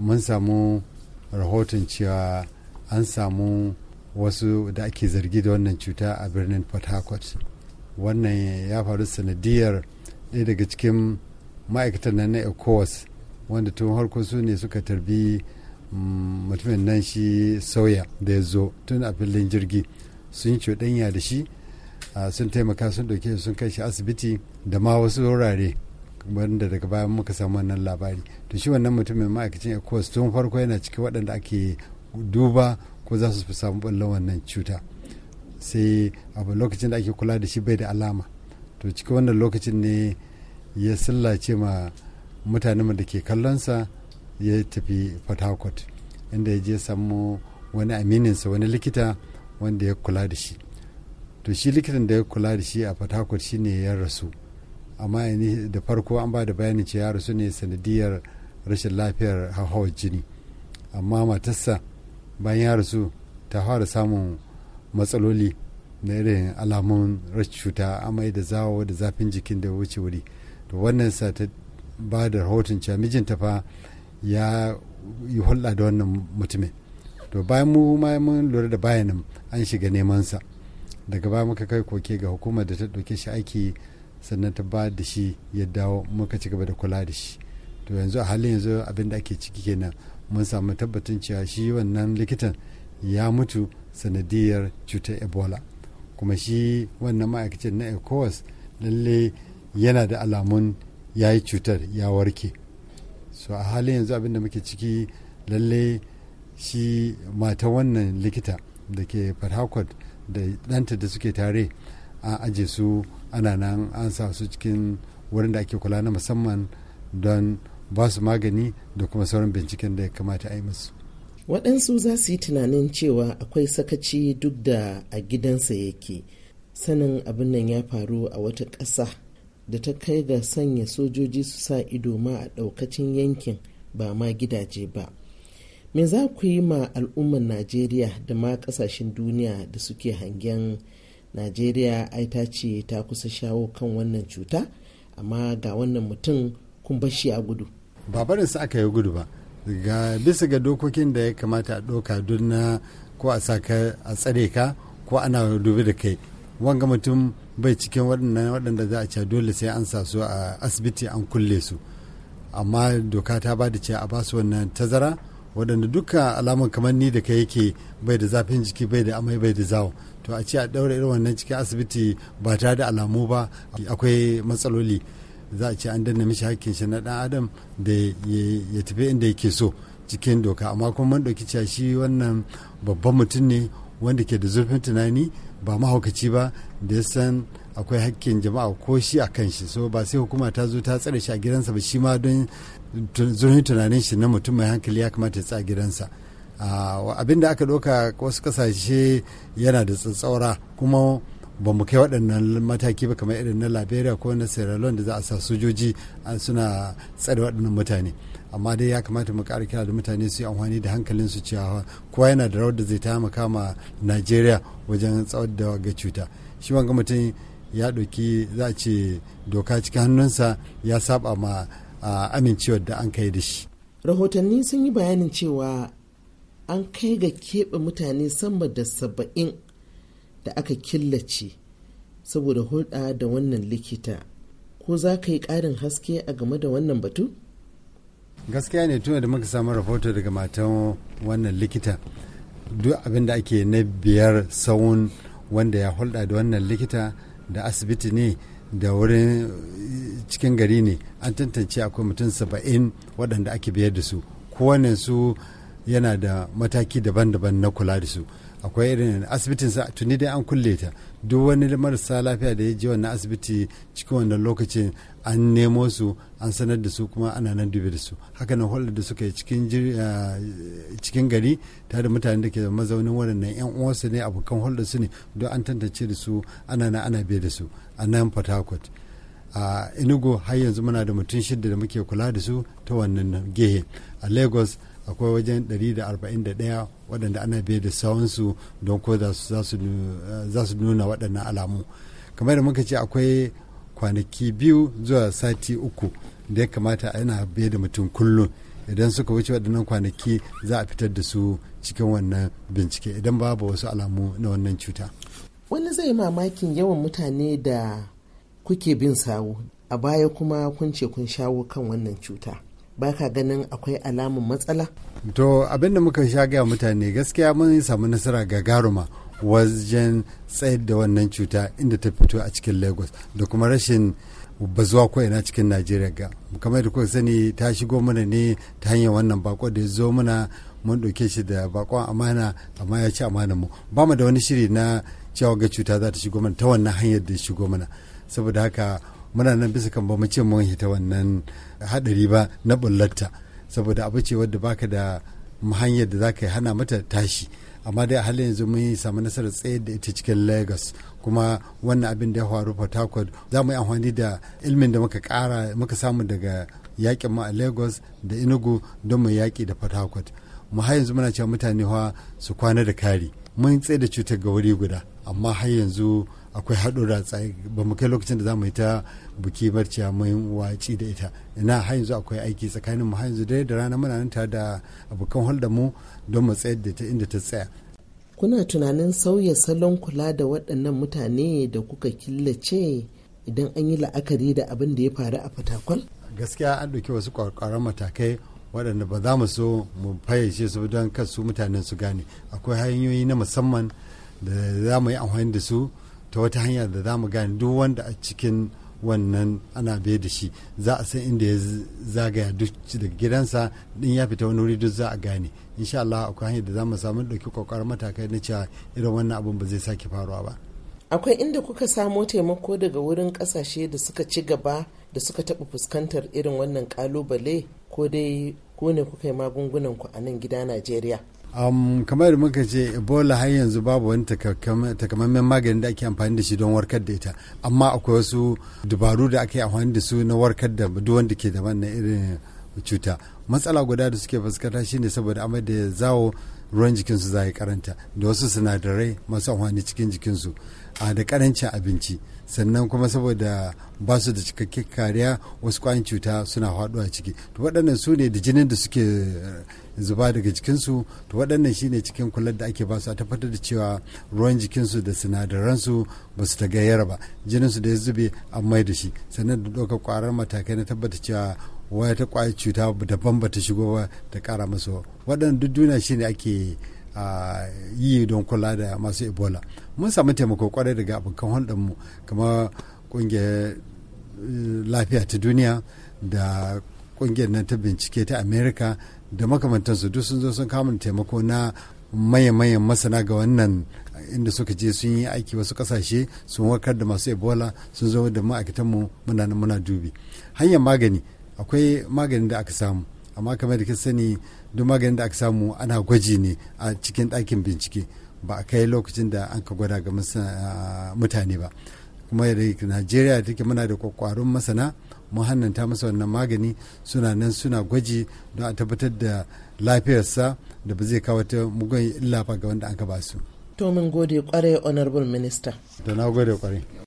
mun samu rahoton cewa an samu wasu da ake zargi da wannan cuta a birnin port harcourt wannan ya faru sanadiyar ɗaya daga cikin ma'aikatan nan na ecowas wanda tun harko su ne suka tarbi mm, mutumin nan shi sauya da ya zo tun a filin jirgi sun cuɗanya da shi sun taimaka sun ɗauke sun kai shi asibiti da ma wasu wurare wanda daga baya muka samu wannan labari to shi wannan mutumin ma'aikacin ecos tun farko yana ciki waɗanda ake duba ko za su samu ɓallon wannan cuta sai abu lokacin da ake kula da shi bai da alama to cikin wannan lokacin ne ya sallace ma mutanen da ke kallonsa ya tafi port harcourt inda ya je samu wani amininsa wani likita wanda ya kula da shi to shi likitan da ya kula da shi a port harcourt ne ya rasu amma da farko an ba da bayanin cewa ya rasu ne sanadiyar rashin lafiyar hauhawar jini amma matarsa bayan ya su ta fara samun matsaloli na irin alamun rashin cuta amai da zawo da zafin jikin da wuce wuri to wannan sa ta ba da rahoton cewa mijinta fa ya yi hulɗa da wannan mutumin to bayan mu ma mun lura da bayanin an shiga neman sa daga baya muka kai koke ga hukumar da ta ɗauke shi aiki sannan ta ba da shi ya dawo muka ci gaba da kula da shi to yanzu a halin yanzu abin da ake ciki kenan mun samu tabbatin cewa shi wannan likitan ya mutu sanadiyar cutar ebola kuma shi wannan ma'aikacin na ecowas lalle yana da alamun ya yi cutar ya warke so a halin yanzu abin da muke ciki lalle shi mata wannan likita da ke farhakot da ɗanta da suke tare an aje su ana nan an sa su cikin wurin da ake kula na musamman don ba su magani da kuma sauran binciken da ya kamata a yi musu waɗansu za su yi tunanin cewa akwai sakaci duk da a gidansa yake sanin abin nan ya faru a wata ƙasa da ta kai ga sanya sojoji su sa ido ma a ɗaukacin yankin ba ma gidaje ba me za ku yi ma al'ummar najeriya da ma ƙasashen duniya da suke hangen najeriya ai ta ce ta kusa shawo kan wannan cuta amma ga wannan mutum kun bar shi a gudu ba barinsa aka yi gudu ba ga bisa ga dokokin da ya kamata a ɗauka don na ko a sa ka a tsare ka ko ana dubi da kai wanga mutum bai cikin waɗannan waɗanda za a ce dole sai an sa su a asibiti an kulle su amma doka ta ba da ce a ba su wannan tazara waɗanda duka alamun kamar ni da ka yake bai da zafin jiki bai da amai bai da zawo to a ce a ɗaura irin wannan cikin asibiti ba tare da alamu ba akwai matsaloli za a ce an danna mishi hakkin shi na dan adam da ya tafi inda yake so cikin doka amma kuma man ɗauki cewa shi wannan babban mutum ne wanda ke da zurfin tunani ba mahaukaci ba da ya san akwai hakkin jama'a ko shi a kan shi so ba sai hukuma ta zo ta tsare shi a gidansa ba shi ma don zurfin tunanin shi na mutum mai hankali ya kamata ya tsa gidansa ah, abin da aka ɗauka wasu kasashe yana da tsatsaura kuma ba mu kai waɗannan mataki ba kamar irin na liberia ko na sierra leone da za a sa sojoji ah, suna tsare waɗannan mutane amma dai ya kamata mu ƙara kira da mutane su yi amfani da hankalin su cewa kowa yana da rawar da zai taimaka ma najeriya wajen tsawar da ga cuta shi wanga mutum ya ɗauki za a ce doka cikin hannunsa ya saba ma a amincewar da an kai da shi rahotanni sun yi bayanin cewa an kai ga keɓe mutane sama da saba'in da aka killace saboda hulɗa da wannan likita ko za ka yi ƙarin haske a game da wannan batu gaskiya ne tuna da muka samu rahoto daga matan wannan likita duk abin da ake na biyar sawun wanda ya hulɗa da wannan likita da asibiti ne da wurin cikin gari ne an tantance akwai mutum saba'in waɗanda ake biyar da su kowane su yana da mataki daban-daban na kula da su akwai irin asibitin sa tuni dai an kulle ta duk wani marasa lafiya da ya je wannan asibiti cikin wannan lokacin an nemo su an sanar da su kuma ana nan dubi da su haka nan hulɗar da suka yi cikin eh, gari tare da mutane da ke mazaunin waɗannan yan uwansu ne abokan hulɗar su ne don an tantance da su ana nan ana biye da su a nan port a enugu har yanzu muna da mutum shida da muke kula da su ta wannan gehe a lagos akwai wajen 141 waɗanda ana biye da sawansu don ko za su nuna waɗannan alamu kamar da muka ce akwai kwanaki biyu zuwa sati uku da ya kamata ana biye da mutum kullum idan suka wuce waɗannan kwanaki za a fitar da su cikin wannan bincike idan babu wasu alamu na wannan cuta wani zai mamakin yawan mutane da kuke bin sawu a baya kuma kun ce kun shawo kan wannan cuta ba ganin akwai alamun matsala? To abinda muka sha gaya mutane gaskiya mun samu nasara gagaruma wajen tsayar da wannan cuta inda ta fito a cikin Lagos da kuma rashin bazuwa ko ina cikin Najeriya ga kamar da kuka sani ta shigo mana ne ta hanyar wannan bako da ya zo mana mun ɗauke shi da bakon amana amma ya ci amana mu ba mu da wani shiri na cewa ga cuta za ta shigo mana ta wannan hanyar da ya shigo mana saboda haka muna nan bisa kan ba mu ce mun hita wannan hadari ba na bullatta saboda abu ce wadda baka da hanyar da zaka hana mata tashi amma dai a halin yanzu mun samu nasarar tsayar da ita cikin lagos kuma wannan abin da ya faru port harcourt za mu yi amfani da ilmin da muka kara muka samu daga yakin mu a lagos da inugu don mu yaki da port harcourt mu har yanzu muna cewa mutane su kwana da kari mun tsaye da cutar ga wuri guda amma har yanzu akwai haɗura tsaye ba mu kai lokacin da za mu yi ta buki barciya mai waci da ita ina har yanzu akwai aiki tsakanin mu har yanzu dare da rana muna nan tare da abokan hulɗa mu don mu tsayar da ta inda ta tsaya kuna tunanin sauya salon kula da waɗannan mutane da kuka killace idan an yi la'akari da abin da ya faru a fatakwal gaskiya an ɗauki wasu ƙwarƙwaran matakai waɗanda ba za mu so mu fayyace su don kan su mutanen su gane akwai hanyoyi na musamman da za mu yi amfani da su ta wata hanya da za mu gane duk wanda a cikin wannan ana bai da shi za a san inda ya zagaya duk daga gidansa din ya fita wani wuri duk za a gane insha Allah akwai hanyar da za mu samu dauki kokarin matakai na cewa irin wannan abun ba zai sake faruwa ba akwai inda kuka samo taimako daga wurin kasashe da suka ci gaba da suka taɓa fuskantar irin wannan kalubale ko dai ko ne kuka yi magungunan ku a nan gida Najeriya kamar da muka ce ebola har yanzu babu wani takamaiman magani da ake amfani da shi don warkar da ita amma akwai wasu dabaru da ake amfani da su na warkar da duk wanda ke da wannan irin cuta matsala guda da suke fuskanta shine saboda amma da zawo ruwan jikinsu za yi karanta da wasu sinadarai masu amfani cikin jikinsu da karancin abinci sannan kuma saboda ba su da cikakken kariya wasu kwayan cuta suna faɗuwa ciki to waɗannan su ne da jinin da suke eh, zuba daga jikinsu to waɗannan shine cikin kular da ake su a tabbatar da cewa ruwan jikinsu da sinadaransu ba su tagayyara ba jininsu da ya zube an mai da shi sannan da ɗaukar kwarar matakai na tabbata cewa wata ƙwayar cuta daban ba ta shigo ba ta ƙara masu waɗannan duk duniya shine ake a yi don kula da masu ebola mun samu taimako kwarai daga abokan hulɗarmu kamar ƙungiyar eh, lafiya ta duniya da ƙungiyar nan ta bincike ta amerika da makamantansu duk sun zo sun kamun taimako na maye maye masana ga wannan inda suka je sun yi aiki wasu kasashe sun warkar da masu ebola sun zo da ma'aikatanmu muna muna dubi hanyar magani akwai magani da aka samu amma kamar da ka sani duk maganin da aka samu ana gwaji ne a cikin ɗakin bincike ba a kai lokacin da an ka gwada ga ah, mutane ba kuma da najeriya take muna da kwakwarun masana mun hannanta masa wannan magani suna nan suna gwaji don a tabbatar da lafiyarsa da ba zai kawo ta mugun illa ga wanda an ka ba su. to mun gode kwarai honorable minister. da na gode kwarai.